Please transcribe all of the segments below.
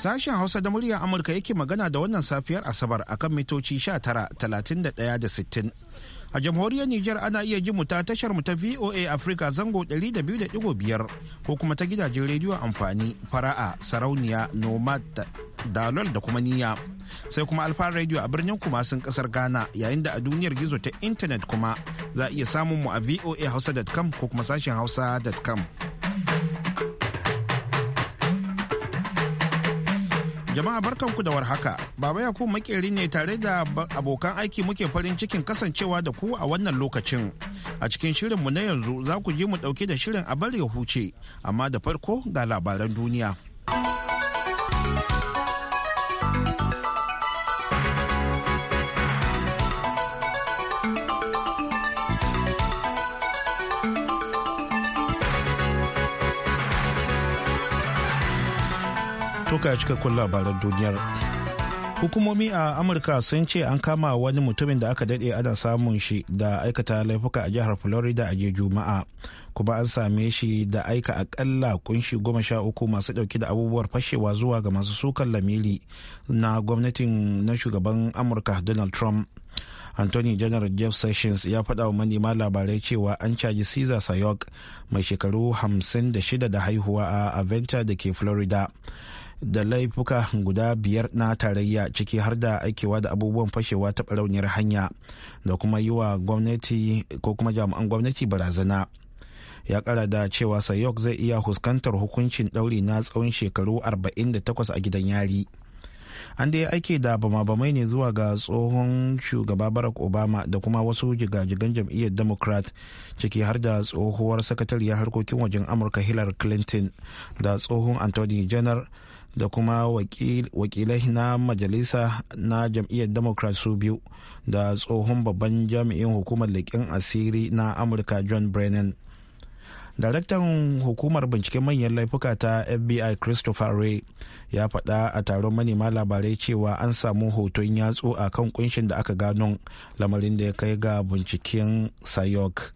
Sashen Hausa da muryar Amurka yake magana da wannan safiyar Asabar akan mitoci 19, da sittin A jamhuriyar Nijar ana iya ji mu ta tashar mu ta VOA Africa zango 200.5 ko kuma ta gidajen rediyo amfani fara'a sarauniya nomad dalol da kuma niyya. Sai kuma alfa rediyo a birnin kumasin kasar Ghana yayin da a duniyar gizo ta intanet kuma za a iya samun mu a voa hausa.com ko kuma sashen hausa.com. Jama'a barkanku da warhaka. Baba Yakub makeri ne tare da abokan aiki muke farin cikin kasancewa da ku a wannan lokacin. A cikin shirin mu na yanzu za ku je mu dauke da shirin a bari ya huce, amma da farko ga labaran duniya. To cika kun labaran duniyar. Hukumomi a Amurka sun ce an kama wani mutumin da aka dade ana samun shi da aikata laifuka a jihar Florida a Juma'a, kuma an same shi da aika akalla kunshi goma sha uku masu dauke da abubuwar fashewa zuwa ga masu sukan lamili na gwamnatin na shugaban Amurka Donald Trump. anthony general jeff sessions ya faɗa wa manema labarai cewa an caji caesar sayok mai shekaru 56 da haihuwa a aventa da ke florida da laifuka guda biyar na tarayya ciki har da aikewa da abubuwan fashewa ta barauniyar hanya da kuma yi wa gwamnati ko kuma jami'an gwamnati barazana ya kara da cewa sayok zai iya huskantar hukuncin ɗauri na tsawon shekaru 48 a gidan yari an dai aike da bama-bamai ne zuwa ga tsohon shugaba barack obama da kuma wasu jigajigan jam'iyyar democrat ciki har da tsohuwar sakatariyar harkokin wajen amurka hillary clinton da tsohon anthony general da kuma wakilai na majalisa na jam'iyyar democrat su biyu da tsohon babban jami'in hukumar leƙen asiri na amurka john brennan daraktan hukumar binciken manyan laifuka ta fbi christopher ray ya faɗa a taron manema labarai cewa an samu hoton yatsu a kan kunshin da aka gano lamarin da ya kai ga binciken sayok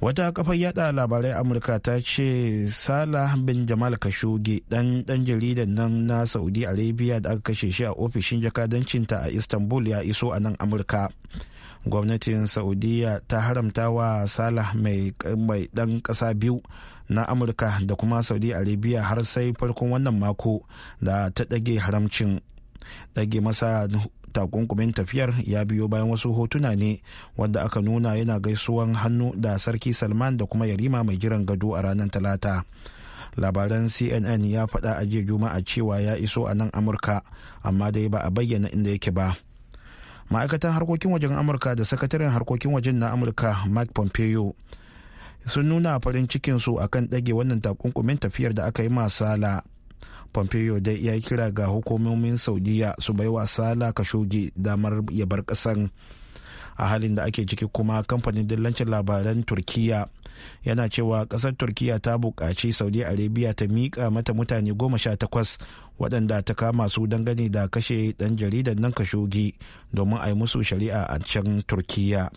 wata kafar yada labarai amurka ta ce sala bin jamal kashoge dan dan jaridan nan na saudi arabia da aka kashe shi a ofishin jakadancinta a istanbul ya iso a nan amurka gwamnatin saudiya ta haramta wa salah mai dan kasa biyu na amurka da kuma saudi arabia har sai farkon wannan mako da ta dage haramcin dage masa takunkumin tafiyar ya biyo bayan wasu hotuna ne wanda aka nuna yana gaisuwan hannu da sarki salman da kuma yarima mai jiran gado a ranar talata labaran cnn ya faɗa a jiya juma'a cewa ya iso a nan amurka amma dai ba a bayyana inda yake ba ma'aikatan harkokin wajen amurka da sakataren harkokin wajen na amurka mark pompeo sun nuna farin cikinsu akan ɗage wannan takunkumin tafiyar da aka yi masala pompeo dai ya kira ga hukumomin saudiya su wa sala kashoge damar ya bar kasan a halin da ake ciki kuma kamfanin dillancin labaran turkiya yana cewa kasar turkiya ta buƙaci saudi arabia ta miƙa mata mutane goma sha takwas waɗanda ta kama su dangane da kashe ɗan jaridan nan kashugi domin a yi musu shari'a a can turkiya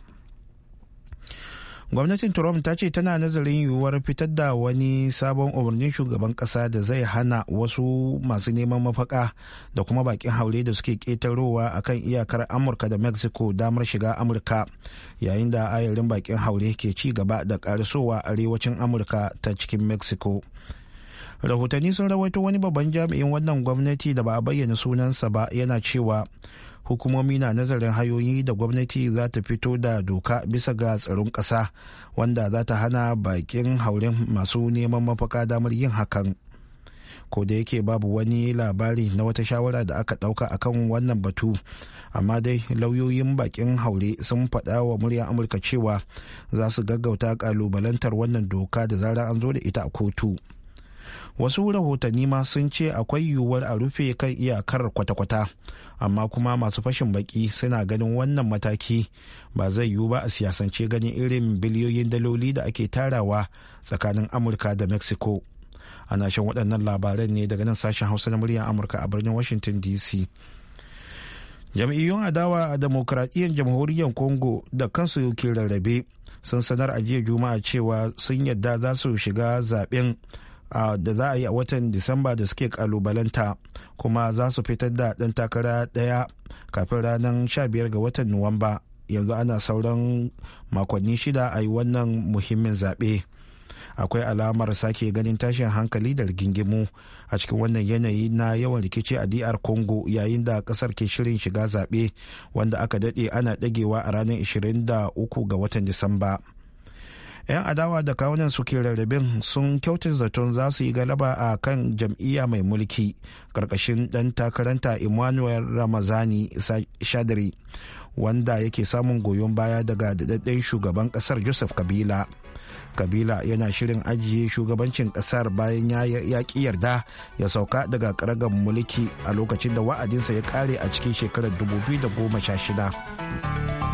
gwamnatin trump ta ce tana nazarin yiwuwar fitar da wani sabon umarnin shugaban kasa da zai hana wasu masu neman mafaka da kuma bakin haure da suke ketarowa akan iyakar amurka da mexico damar shiga amurka yayin da ayarin bakin haure ke ci gaba da karasowa arewacin amurka ta cikin mexico rahotanni sun rawaito wani babban jami'in wannan gwamnati da ba a bayyana sunansa ba yana cewa hukumomi na nazarin hayoyi da gwamnati za ta fito da doka bisa ga tsaron ƙasa wanda za ta hana bakin hauren masu neman mafaka damar yin hakan ko da yake babu wani labari na wata shawara da aka ɗauka akan wannan batu amma dai lauyoyin bakin haure sun faɗa wa muryar amurka cewa za su gaggauta ƙalubalantar wannan doka da zarar an zo da ita a kotu wasu rahotanni ma sun ce akwai yiwuwar a rufe kan iyakar kwata-kwata amma kuma masu fashin baki suna ganin wannan mataki ba zai yiwu ba a siyasance ganin irin biliyoyin daloli da ake tarawa tsakanin amurka da mexico ana shan waɗannan labaran ne daga nan sashen hausa na muryar amurka a birnin washington dc jam'iyyun adawa a demokradiyyar jamhuriyar congo da kansu ke rarrabe sun sanar a jiya juma'a cewa sun yadda za su shiga zaben da za a yi a watan disamba da suke kalubalanta kuma za su fitar da ɗan takara ɗaya kafin ranar sha biyar ga watan nuwamba yanzu ana sauran makonni shida a yi wannan muhimmin zaɓe akwai alamar sake ganin tashin hankali da rigingimu a cikin wannan yanayi na yawan rikici a dr congo yayin da kasar ke shirin shiga zaɓe wanda aka daɗe ana ɗagewa a ranar 23 ga watan disamba 'yan adawa da kawunan suke rarrabin sun kyautar zaton za su yi galaba a kan jam'iyya mai mulki karkashin dan takaranta emmanuel ramazani shadari wanda yake samun goyon baya daga dadadden shugaban kasar joseph kabila kabila yana shirin ajiye shugabancin kasar bayan ya ki yarda ya sauka daga ƙaragar mulki a lokacin da wa'adinsa ya kare a cikin shekarar 2016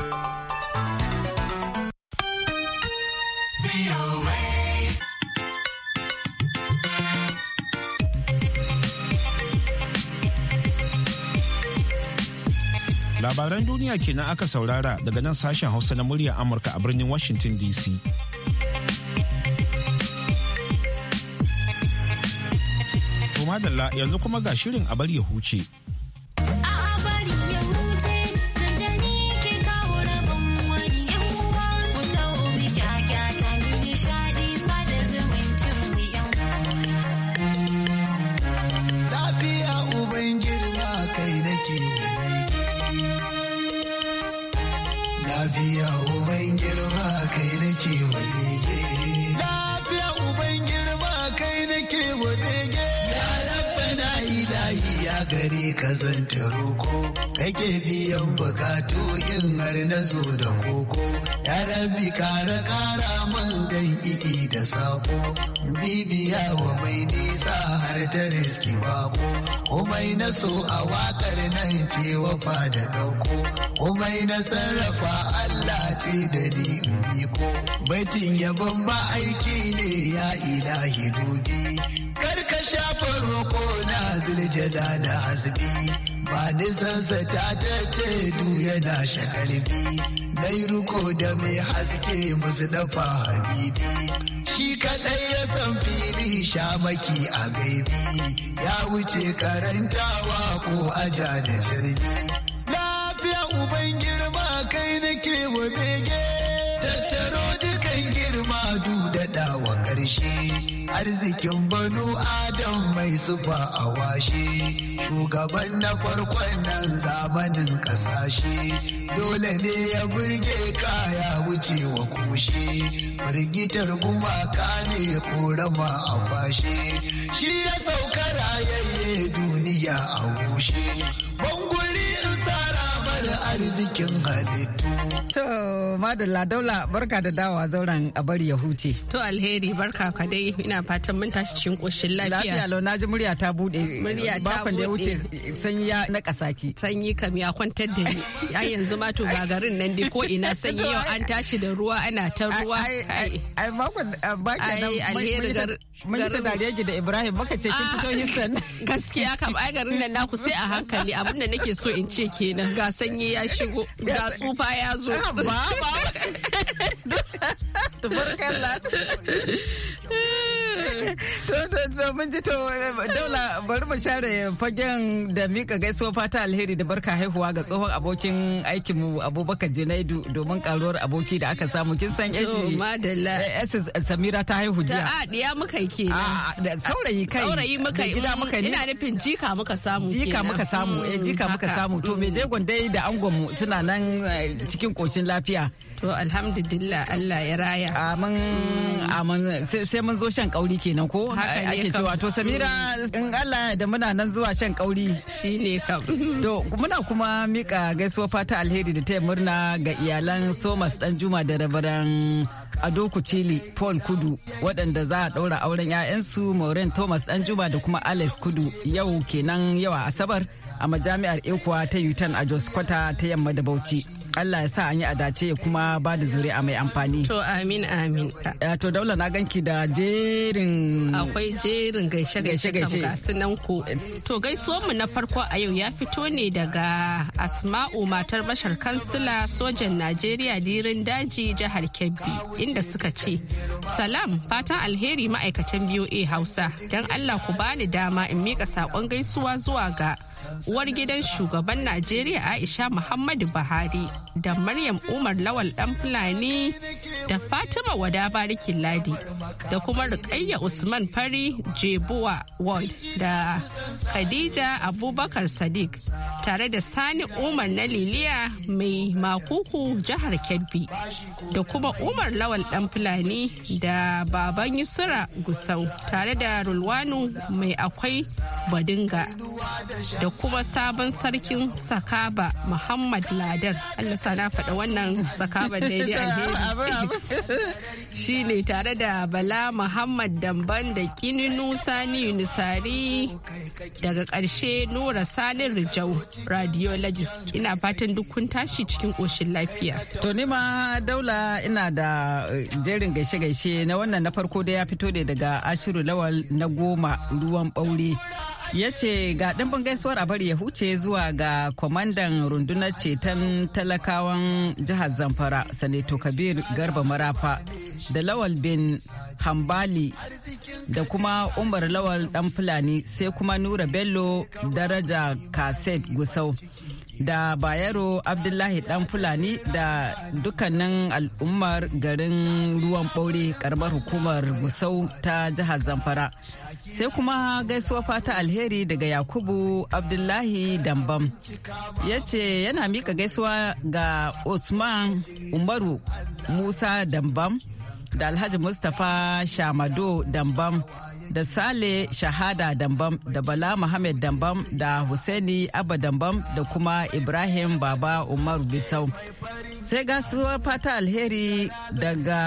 labaran duniya kenan aka saurara daga nan sashen hausa na murya amurka a birnin washington dc madalla yanzu kuma ga shirin a bari ya huce kazanta roko kake biyan bukatu yin har na zo da koko ya rabi kara kara man gan iki da sako bibiya wa mai nisa har ta riski bako komai na so a wakar nan ce wafa da dauko komai na sarrafa Allah ce da ni iko baitin yabon ba aiki ne ya ilahi dubi karka shafa roko na ziljada da azbi ba nisansa ta ta ce du yana shakalbi dai ruko da mai haske musu dafa habibi shi kaɗai ya san fili shamaki a gaibi ya wuce karantawa ko aja da jirgi lafiya uban girma kai nake wa bege tattaro dukan girma dudada wa ƙarshe arzikin banu adam mai sufa a washe shugaban na farkon nan zamanin ƙasashe dole ne ya burge kaya wuce wa kushe firgitar gumaka ne korama a kwashe shi ya sauka rayayye duniya a bushe bango arzikin halittu. To madalla daula barka da dawa zauren a bari ya huce. To alheri barka ka dai ina fatan mun tashi cikin koshin lafiya. Lafiya lau naji murya ta bude. Murya ta bude. Bakon da ya wuce sanyi ya na kasaki. Sanyi kam ya kwantar da ni. A yanzu ma to ga garin nan dai ko ina sanyi yau an tashi da ruwa ana ta ruwa. Ai bakon eh, baki nan alheri garin. Mun yi ta dariya da Ibrahim baka ce kin fito Houston. Gaskiya kam ai garin nan naku sai a hankali abinda nake so in ce kenan ga sanyi ya shigo ga tsufa ya zo. ba ah, ba to to mun ji to daula bari mu share fagen da mika gaisuwa fata alheri da barka haihuwa ga tsohon abokin aikin mu Abubakar Junaidu domin karuwar aboki da aka samu kin san yashi madalla eh, Samira ta haihu jiya a diya muka yi kenan saurayi kai saurayi muka yi gida muka ina nufin jika muka samu jika muka samu eh mm, jika muka samu to me mm. je gondai da angon mu suna nan eh, cikin koshin lafiya to alhamdulillah Allah ya raya amin mm. amin sai mun zo shan kauye kauri kenan ko ake cewa to samira in allah da muna nan zuwa shan kauri shine kam to muna kuma mika gaisuwa fata alheri da yi murna ga iyalan thomas dan juma da rabaran ado kucili paul kudu waɗanda za a ɗaura auren 'ya'yansu maureen thomas dan juma da kuma alex kudu yau kenan yawa asabar a majami'ar ekuwa ta yutan a jos kwata ta yamma da bauchi Allah ya sa an yi adace ya kuma ba da zuri'a mai amfani. To amin amin. Eh, to daula na ganki da jerin. Akwai jerin gaishe gaishe gaishe nan ku. To gaisuwar mu na farko a yau ya fito ne daga Asma'u matar bashar kansila sojan Najeriya dirin daji jihar Kebbi inda suka ce salam fatan alheri ma'aikatan BOA Hausa don Allah ku bani dama in mika saƙon gaisuwa zuwa ga uwar gidan shugaban Najeriya Aisha Muhammadu Buhari. da Maryam Umar Lawal ɗan Fulani da Fatima Wada Barikin Ladi da kuma Rukayya Usman Fari Jebuwa Ward da Khadija Abubakar Sadiq tare da Sani Umar na Liliya mai makuku jihar Kebbi da kuma Umar Lawal ɗan Fulani da Baban Yusra Gusau tare da Rulwanu mai akwai Badinga da kuma sabon sarkin Sakaba Muhammad Ladan. Allah sa na faɗa wannan sakaban daidai alheri shine tare da bala muhammad damban da kininu sani yunisari daga ƙarshe nura sanin rijau radiologist ina fatan duk kun tashi cikin koshin lafiya to ni ma daula ina da eh, jerin gaishe-gaishe na wannan na farko da ya fito ne daga ashiru lawal na goma ruwan ɓaure ya ce ga ɗimbin gaisuwar a bari ya huce zuwa ga kwamandan rundunar ceton talakawan jihar zamfara sanato kabir garba marafa da lawal bin hambali da kuma umar lawal dan fulani sai kuma nura bello daraja kaset gusau da bayero abdullahi dan fulani da dukkanin al'ummar garin ruwan ɓaure karamar hukumar musau ta jihar zamfara sai kuma gaisuwa fata alheri daga yakubu abdullahi dambam ya ce yana mika gaisuwa ga usman umaru musa dambam da alhaji mustapha shamado dambam da Sale Shahada Dambam da Bala Muhammad Dambam da Hussaini Abba Dambam da kuma Ibrahim Baba Umar Bisau. Sai gasuwar fata alheri daga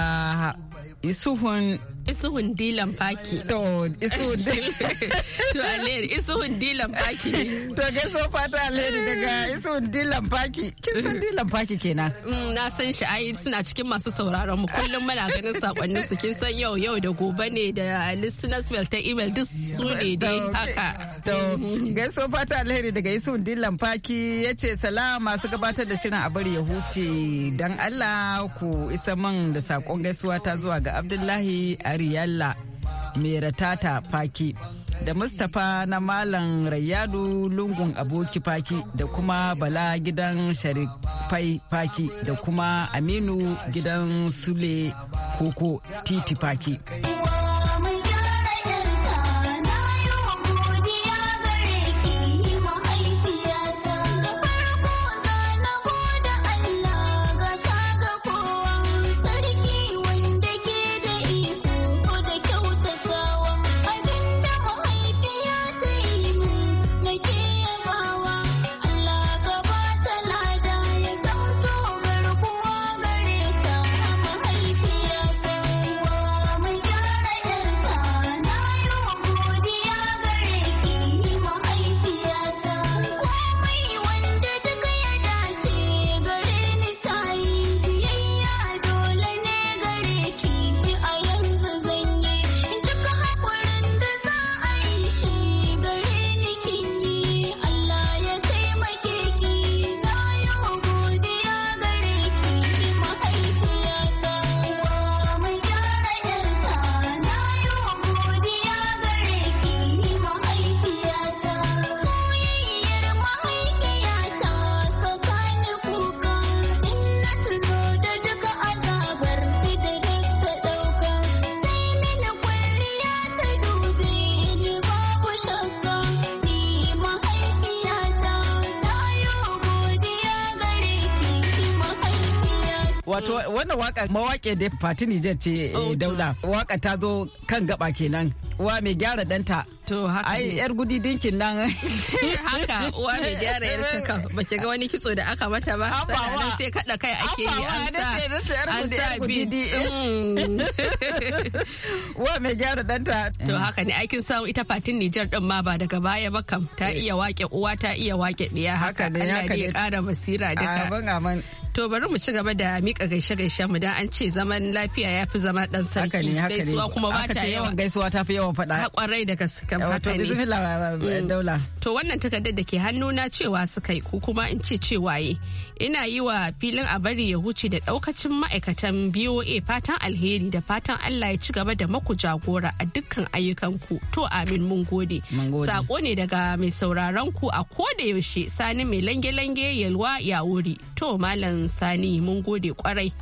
Isuhun Isuhun Dilan Faki. To, Isuhun To, alheri, Isuhun Dilan Faki ne. To, gaiso fata alheri daga Isuhun Dilan Faki. Kin san mm. Dilan Faki kenan? Mm, na san shi ai suna cikin masu sauraron mu kullum muna ganin sakonnin su kin san yau yau da gobe ne da listeners email ta email duk su ne dai haka. gaiso fata alheri daga Yusuf Dillan lamfaki ya ce salama masu gabatar da shirin a bari ya huce don Allah ku isa man da sakon gaisuwa ta zuwa ga Abdullahi Ariyalla Meratata Faki. da Mustapha na Malam Rayyadu lungun aboki faki da kuma Bala gidan Sharifai faki da kuma Aminu gidan Sule Koko Titi faki. wato mm. wannan waka mawaƙe da Fatini Jet ce eh, dauda waka ta zo kan gaba kenan uwa mai gyara danta. To haka Ai yar gudi dinkin nan. haka uwa mai gyara yar kaka ba ki ga wani kitso da aka mata ba. Sannan sai kada kai ake yi an sa an sa bidi. Mm. Uwa mai gyara danta. To haka ne aikin samu ita fatin Nijar din ma ba daga baya ba kam ta iya wake uwa ta iya wake diya haka. ne haka ne. kara basira duka. Abin amin. To bari mu ci gaba da mika gaishe-gaishen mu da an ce zaman lafiya ya fi zama dan sarki. Gaisuwa kuma ba ta yawan gaisuwa ta fi yawan kawo faɗa. Kwarai da gaske Bismillah mm. daula. To wannan takardar da ke hannuna cewa suka yi ko kuma in ce cewa yi Ina yi wa filin a bari ya huce da ɗaukacin ma'aikatan BOA fatan alheri da fatan Allah ya ci gaba da maku jagora a dukkan ayyukanku. To amin mun gode. Sako ne daga mai sauraron ku a koda yaushe Sani mai lange-lange yalwa ya wuri. To Malam Sani mun gode kwarai.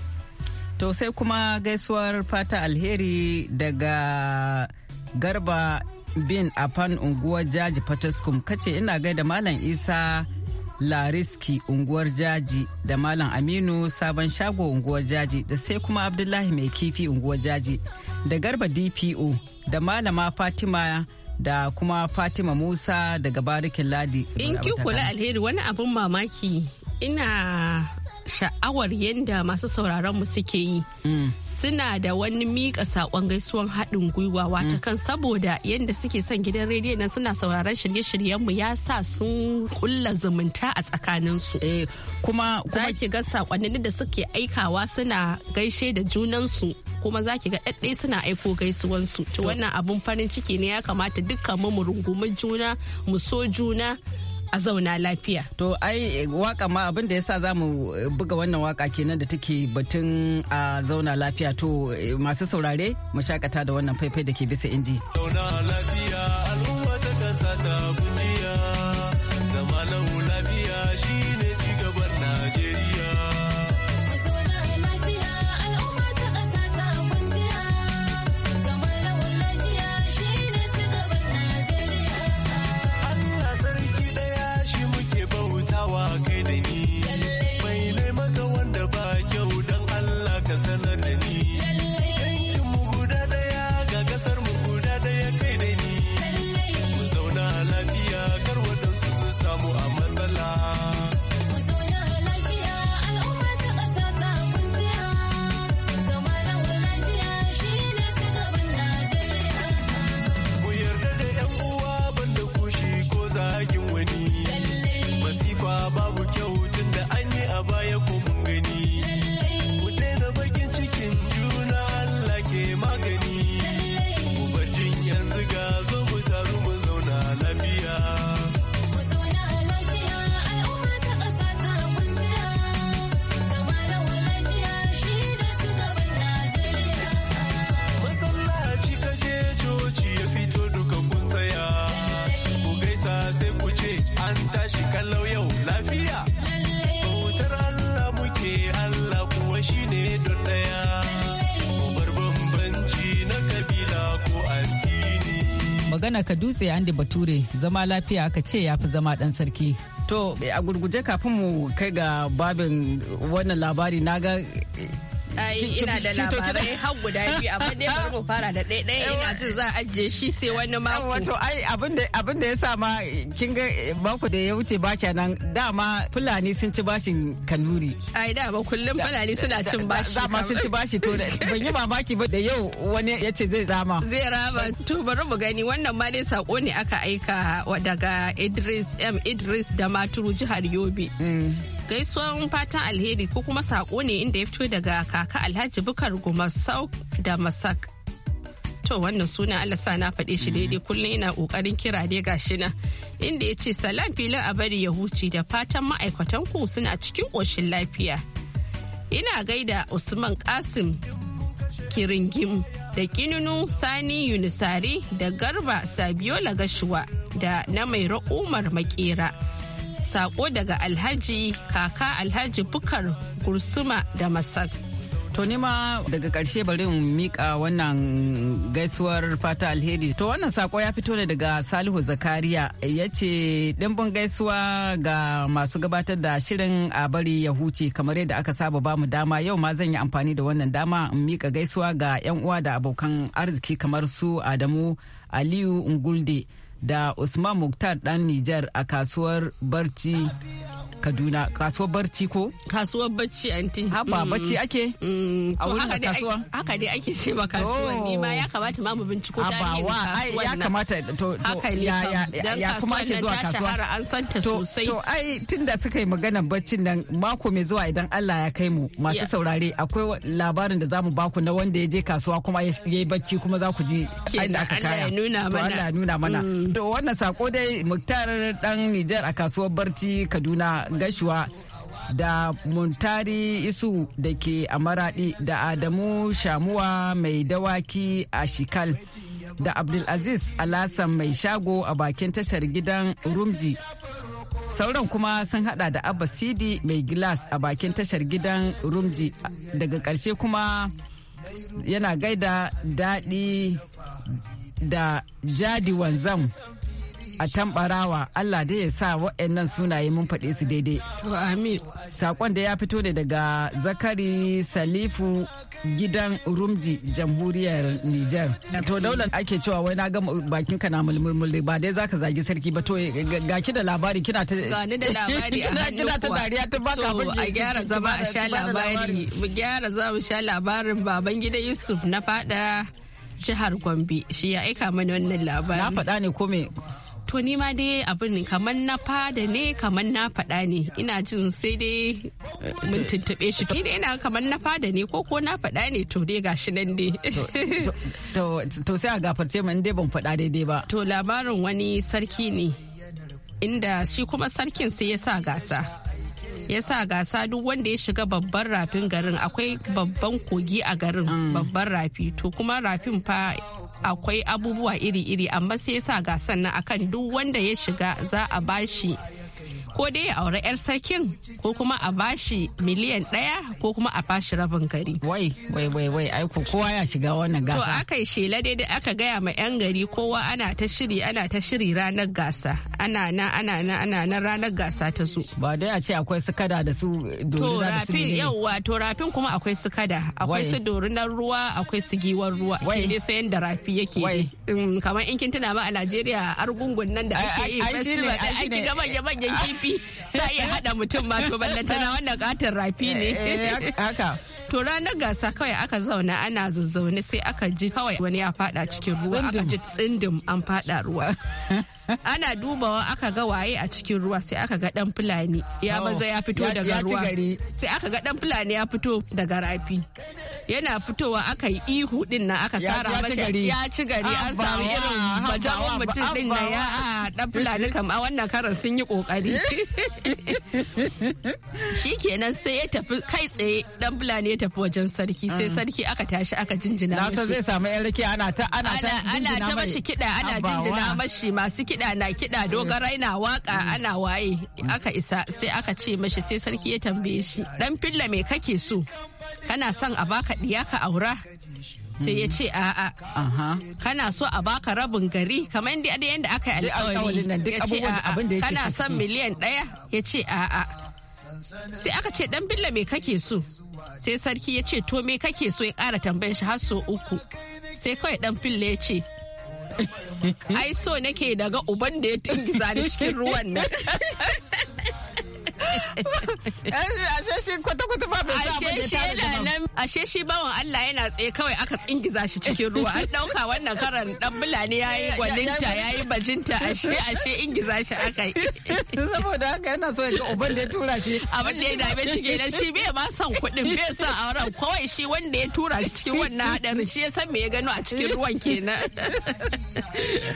To sai kuma gaisuwar fata alheri daga garba bin a fan unguwar jaji fataskum kace ina gaida malam isa lariski unguwar jaji da malam aminu sabon shago unguwar jaji da sai kuma abdullahi mai kifi unguwar jaji da garba dpo da malama fatima da kuma fatima musa daga barikin ladi in ki kula alheri wani abin mamaki ina sha'awar yadda masu sauraron mu suke yi mm. suna da wani mika sakon gaisuwan haɗin gwiwa wata mm. kan saboda yadda suke son gidan rediyo nan suna sauraron shirye-shiryen mu ya sa sun kulla zumunta a tsakanin su eh, kuma kuma ki ga sakonnin da suke aikawa suna gaishe da junan su kuma za ki ga ɗaɗɗai suna aiko gaisuwan su to wannan abun farin ciki ne ya kamata dukkan mu mu rungumi juna mu so juna a zauna lafiya. To ai waka ma abin da ya sa za mu eh, buga wannan waka kenan da take batun a zauna lafiya to eh, masu saurare mu shakata da wannan faifai da ke bisa inji. Zauna lafiya kitse Andy Bature zama lafiya aka ce ya fi zama ɗan sarki. To a gurguje kafin mu kai ga babin wannan labari na ga Ai ina da labarai har guda biyu amma dai bari mu fara da ɗaya ɗaya ina jin za a ajiye shi sai wani mako. Wato ai abin da ya sa ma kin ga eh, mako da ya wuce ba kenan dama Fulani sun ci bashin Kanuri. Ai dama kullum Fulani suna cin bashi. Dama sun ci bashi to ban yi mamaki ba da yau wani ya ce zai rama. Zai rama to bari mu gani wannan ma dai sako ne aka aika daga Idris M Idris da Maturu jihar Yobe. Mm. gaisuwan fatan alheri ko kuma sako ne inda ya fito daga kaka alhaji bukar gumasau da masak to wannan suna allah sa na faɗe shi daidai kullum ina ƙoƙarin kira dai gashi nan inda ya ce salam filin a bari ya huce da fatan ma'aikatan ku suna cikin ƙoshin lafiya ina gaida usman kasim kiringim da kinunu sani yunisari da garba sabiola gashuwa da na mai ra'umar makera sako daga alhaji kaka alhaji bukar gursuma da Masar. To nima daga karshe bari mu mika wannan gaisuwar fata alheri. To wannan sako ya fito ne daga Salihu Zakariya ya ce dimbin gaisuwa ga masu gabatar da shirin a bari ya huce kamar yadda aka saba ba mu dama yau ma zan yi amfani da wannan dama in mika gaisuwa ga 'yan uwa da abokan arziki kamar su Adamu Aliyu Ngulde. da Usman Muktar dan Nijar a kasuwar Barci Kaduna kasuwar barci ko? Kasuwar barci anti. Haba mm. barci ake? Mm, a wurin kasuwa? Haka dai ake ce ma kasuwa oh. ne ma ya kamata ma mu binciko tarihin kasuwar ya kamata to haka ne ya ya ya kuma ake zuwa kasuwa. Ta an santa sosai. To ai tunda suka yi maganar barcin nan mako mai zuwa idan Allah ya kai mu masu saurare akwai labarin da zamu baku na wanda ya je kasuwa kuma ya yi barci kuma za ku ji inda aka kaya. Allah ya nuna mana. Allah ya nuna mana. Mm. to wannan sako dai muktar dan nijar a kasuwar barci kaduna gashuwa da muntari isu da ke a da adamu shamuwa mai dawaki a shikal da abdulaziz alasan mai shago a bakin tashar gidan rumji sauran kuma sun hada da abba sidi mai gilas a bakin tashar gidan rumji daga ƙarshe kuma yana gaida daɗi da jadi wanzam a tambarawa Allah dai ya sa waɗannan sunaye mun faɗe su daidai. To amin. Sakon da ya fito ne daga Zakari Salifu gidan Rumji jamhuriyar Nijar. To daular ake cewa wai na ga bakin ka na mulmulmul ba dai zaka zagi sarki ba to ga da labari kina ta ni da labari a hannu Kina ta dariya ta baka abin a gyara zama a sha labari mu gyara zama sha labarin baban gida Yusuf na fada jihar Gombe shi ya aika mana wannan labarin. Na faɗa ne ko me? to ni ma dai abin kamar na fada ne kamar na faɗa ne ina jin sai dai eh, mun tuntuɓe shi ni dai ina kamar na fada ne ko ko na faɗa ne to dai gashi nan dai to sai a gafarce in dai ban faɗa daidai ba to labarin wani sarki ne inda shi kuma sarkin sai ya sa gasa yasa gasa duk wanda ya shiga babban rafin garin akwai babban kogi a garin mm. babban rafi to kuma rafin fa akwai abubuwa iri-iri amma sai ya sa gasan nan akan duk wanda ya shiga za a bashi ko dai ya aure 'yar sarkin ko kuma a bashi miliyan ɗaya ko kuma a bashi rabin gari. Wai, wai, wai, wai, aiko kowa ya shiga wannan gasa. To aka yi shela daidai aka gaya ma 'yan gari kowa ana ta shiri ana ta shiri ranar gasa. Ana na ana na ana na ranar gasa ta zo. Ba dai a ce akwai su kada da su dorina da su rafin yau to rafin kuma akwai su kada. Akwai su dorinar ruwa akwai su giwar ruwa. Wai. Kede sayan da rafi yake. Wai. Mm, kamar in kin tuna ma a Najeriya argungun nan da ake yi festival da ake ga manya-manyan kifi. rafi za iya haɗa mutum ma to ballantana wannan katin rafi ne eh, eh, haka to ranar gasa kawai aka zauna ana zazzaune sai aka ji kawai wani ya fada cikin ruwa aka ji tsindim an fada ruwa ana dubawa aka ga waye a cikin ruwa sai aka ga dan fulani ya oh, maza ya fito daga ruwa sai aka ga dan fulani ya fito daga rafi yana fitowa aka yi ihu din nan aka tsara masa ya ci gari an samu irin bajawan mutum din nan ya dan fulani kam a wannan karan sun yi kokari shikenan sai ya tafi kai tsaye dan fulani ya tafi wajen sarki sai mm. sarki aka tashi aka jinjina mashi na zai samu yan rake ana ta ana ta ana ta mashi kida ana jinjina mashi masu kida kiɗa na kiɗa dogarai na waka mm. ana waye aka isa sai aka ce mashi sai sarki ya tambaye shi dan filla me kake so kana son a baka ɗiya ka aura sai ya ce a'a kana so a baka rabin gari kamar da yadda aka yi alkawari ya ce a'a kana son miliyan ɗaya ya ce a'a sai aka ce dan billa me kake so sai sarki ya ce to me kake so ya kara tambayar shi har so uku sai kawai dan filla ya ce ai so nake daga uban da ya tingiza ni cikin ruwan nan ashe shi kwata-kwata ba bai ashe shi yana nan ashe shi bawan Allah yana tsaye kawai aka tsingiza shi cikin ruwa an dauka wannan karan dan bulani yayi gwaninta yayi bajinta ashe ashe ingiza shi aka yi saboda haka yana so ya uban da ya tura shi abin da ya dame shi kenan shi bai ma son kuɗin bai son auren kawai shi wanda ya tura shi cikin wannan hadarin shi ya san me ya gano a cikin ruwan kenan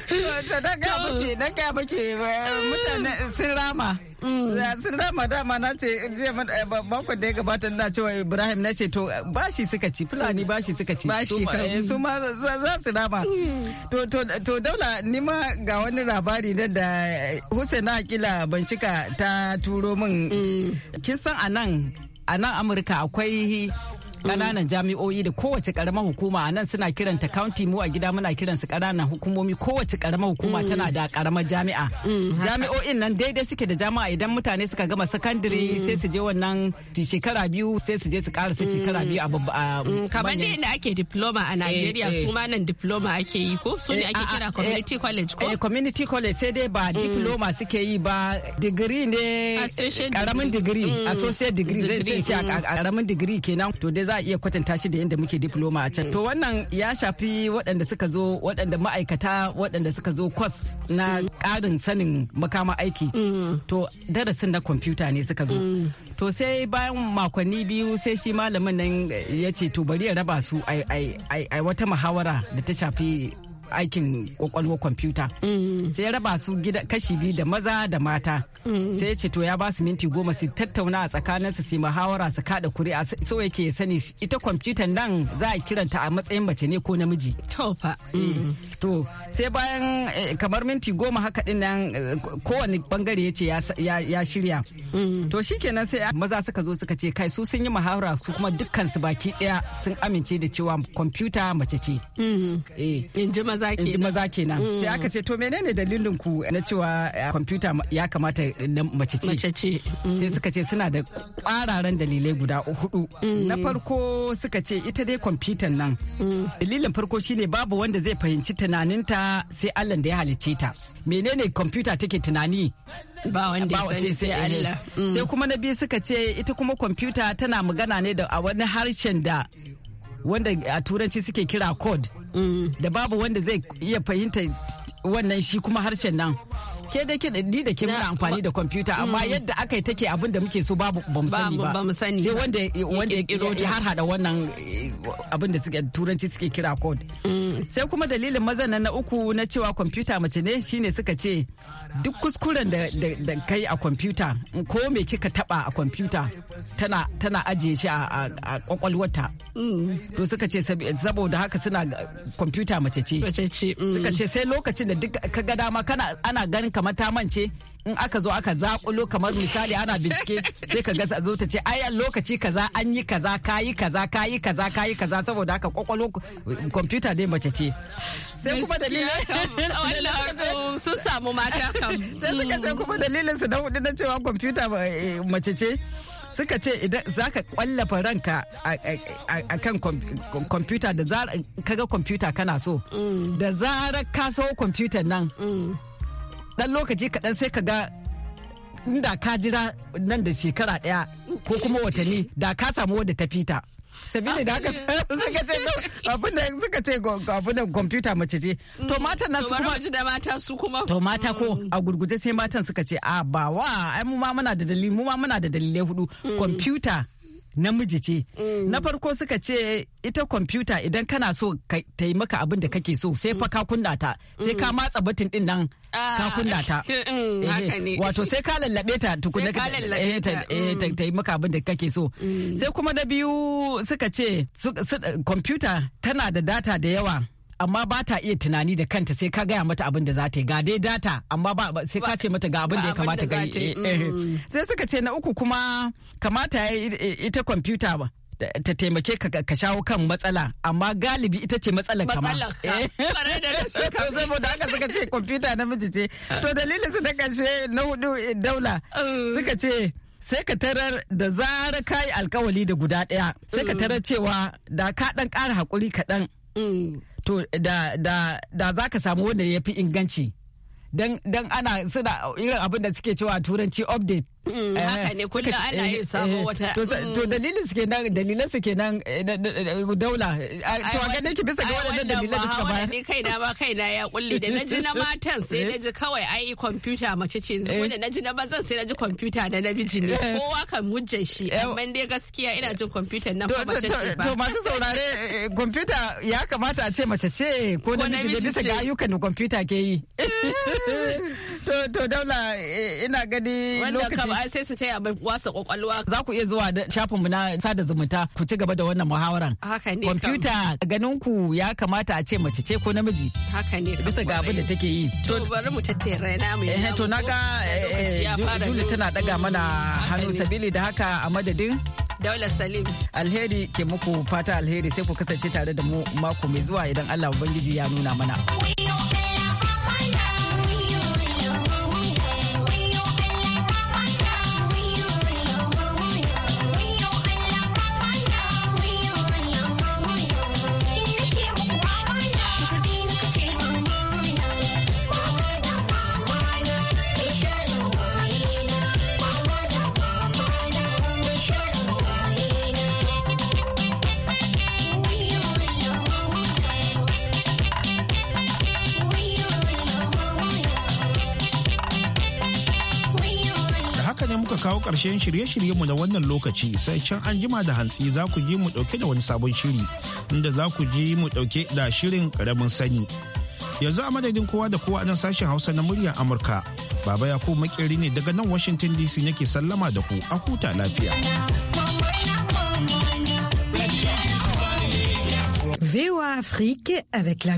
to dan ga muke dan ga ke eh, mutane sun rama Mm. sun dama dama na ce eh, makon da ya gabata na cewa ibrahim na ce to bashi suka ci fulani bashi suka ci eh, su ma za su dama mm. to daula ni ga wani labari da da hakila akila bincika ta turo min mm. kin san anan anan a nan amurka akwai ƙananan mm. jami'o'i da kowace karamar hukuma a nan suna kiranta county mu a gida muna kiransu ƙananan hukumomi kowace karamar hukuma mm. tana da karamar jami'a mm, jami'o'in nan daidai suke da jami'a idan mutane suka gama secondary. sai su je wannan shekara biyu sai su je su karasa shekara biyu a babba kamar da inda ake diploma a Najeriya eh, eh. su ma nan diploma ake yi ko su ne eh, ake kira community college ko community college sai dai ba diploma suke yi ba Degree ne karamin degree. associate degree zai ce a karamin degree kenan to dai za a iya kwatanta shi da yadda muke diploma a can to wannan ya shafi waɗanda suka zo waɗanda ma'aikata waɗanda suka zo kwas na ƙarin sanin makama aiki mm. to darasin na kwamfuta ne suka zo mm. to sai bayan makonni biyu sai shi malamin nan ya ce to bari ya raba su ai wata muhawara da ta shafi aikin kwakwalwar kwamfuta mm-hmm. sai ya raba su gida kashi biyu da maza da mata mm-hmm. sai ya ce to ya ba su minti goma su tattauna a tsakanin su muhawara su kada kuri'a so yake sani ita kwamfuta nan za a kiranta a matsayin mace ne ko namiji to eh, sai bayan eh, kamar minti goma haka din nan eh, kowane bangare ya ce ya shirya mm-hmm. to shikenan sai maza suka zo suka ce kai su sun yi muhawara su kuma dukkan su baki daya sun amince da cewa kwamfuta mace ce maza kenan. In ji maza kenan. Sai aka ce to menene dalilin ku na cewa eh, kwamfuta ya kamata na mace ce. Mace ce. Mm. Sai suka ce suna da kwararan dalilai guda hudu. Mm. Na farko suka ce ita dai kwamfutan nan. Mm. Dalilin farko shine babu wanda zai fahimci tunaninta sai Allah da ya halicce ta. Menene kwamfuta take tunani? ba wanda ya sani sai eh, Allah. Eh. Sai kuma na biyu suka ce ita kuma kwamfuta tana magana ne da a wani harshen da wanda a turanci suke kira code mm. da babu wanda zai iya fahimta wannan shi kuma harshen nan ke da kin ni da ke muna amfani da kwamfuta amma mm. yadda aka yi take abin da muke so babu ba mu sani ba mu sani sai wanda wanda ya har hada wannan eh, abin da suke turanci suke kira code mm. sai kuma dalilin mazan na uku na cewa kwamfuta mace ne shine suka ce duk kuskuren da, da, kai a kwamfuta ko me kika taba a kwamfuta tana, tana ajiye shi a, a, kwakwalwata mm. to suka ce saboda haka suna kwamfuta mace ce suka ce sai lokacin da duk ka ga dama kana ana ganin kamar ta mance in aka zo aka zakulo kamar misali ana bincike sai ka gasa zo ta ce ai lokaci kaza an yi kaza kayi kaza kayi kaza kayi kaza saboda haka kwakwalo kwamfuta dai mace ce sai kuma dalilin sun samu mata kam sai suka ce kuma dalilin su na hudu na cewa kwamfuta eh, mace ce suka ce idan za ka kwallafa ranka a kan kwamfuta da zarar kaga kwamfuta kana so mm. da zarar ka so kwamfutan nan mm. dan lokaci kaɗan sai ka ga inda ka jira nan da shekara ɗaya ko kuma watanni da ka samu wadda ta fita sabili da haka suka ce abin da suka ce abin da kwamfuta mace ce mm. to matan na su kuma da mata su kuma to mata ko mm. a gurguje sai matan suka ce a ah, ba wa ai mu ma muna da dalili mu ma muna da dalilai hudu mm. kwamfuta namiji ce. Mm. Na farko suka ce ita kwamfuta idan kana so ta yi maka abin da kake so sai fa ka kunna ta sai ka mm. matsa batun din nan ka ah. kunna ta. Mm, eh, eh, wato sai ka lallabe ta tukuna eh, ta yi maka abin da kake so. Sai kuma na biyu suka ce kwamfuta tana da data da yawa. amma ba ta iya tunani da kanta sai ka gaya mata abin da za ta yi ga dai data amma ba sai ka ce mata ga abin da ya kamata ka yi eh, eh. Mm. sai suka ce na uku kuma kamata ya ita kwamfuta ba ta taimake ka shawo kan matsala amma galibi ita ce matsalar kama eh. saboda haka suka ce kwamfuta namiji ce to dalilin su na karshe na hudu daula mm. suka ce sai ka tarar da zara kayi alkawali da guda daya sai ka mm. tarar cewa da ka dan kara hakuri kaɗan to da da da za ka samu wanda ya fi inganci dan ana suna irin abin da suke cewa turanci update Mm, eh. haka ne kullum yin eh. sabon wata to mm. dalilin su kenan dalilan su kenan eh, daula to a ganin ki bisa ga wadannan dalilan da kika bayar ni kaina ba kaina ya kulli da naji na matan sai naji kawai ai kwamfuta mace ce wanda naji na bazan sai naji kwamfuta da namiji ne kowa kan hujjar shi amma dai gaskiya ina jin kwamfutar nan fa mace ce ba to masu saurare kwamfuta ya kamata a ce mace ce ko namiji ne bisa ga ayyukan da kwamfuta ke yi to to daula eh, ina gani lokaci wanda kam sai su taya mai wasa kwakwalwa za ku iya zuwa da shafinmu na sada zumunta ku ci gaba da wannan muhawaran haka ne computer ganin ku ya kamata a ce mace ce ko namiji haka ne bisa ga abin da take yi to bari mu tattara na mu eh to naga eh, Juli tana daga mana hannu sabili da haka a madadin Daula Salim. Alheri ke muku fata alheri sai ku kasance tare da mu mako mai zuwa idan Allah Ubangiji ya nuna mana. karshen shirye-shiryenmu na wannan lokaci sai can an jima da hantsi za ku ji mu ɗauke da wani sabon shiri inda za ku ji mu ɗauke da shirin ƙaramin sani. Yanzu a madadin kowa da kowa nan sashen Hausa na muryar Amurka. Baba Yakubu makeri ne daga nan Washington DC nake sallama da ku a huta lafiya. VOA Afrique avec la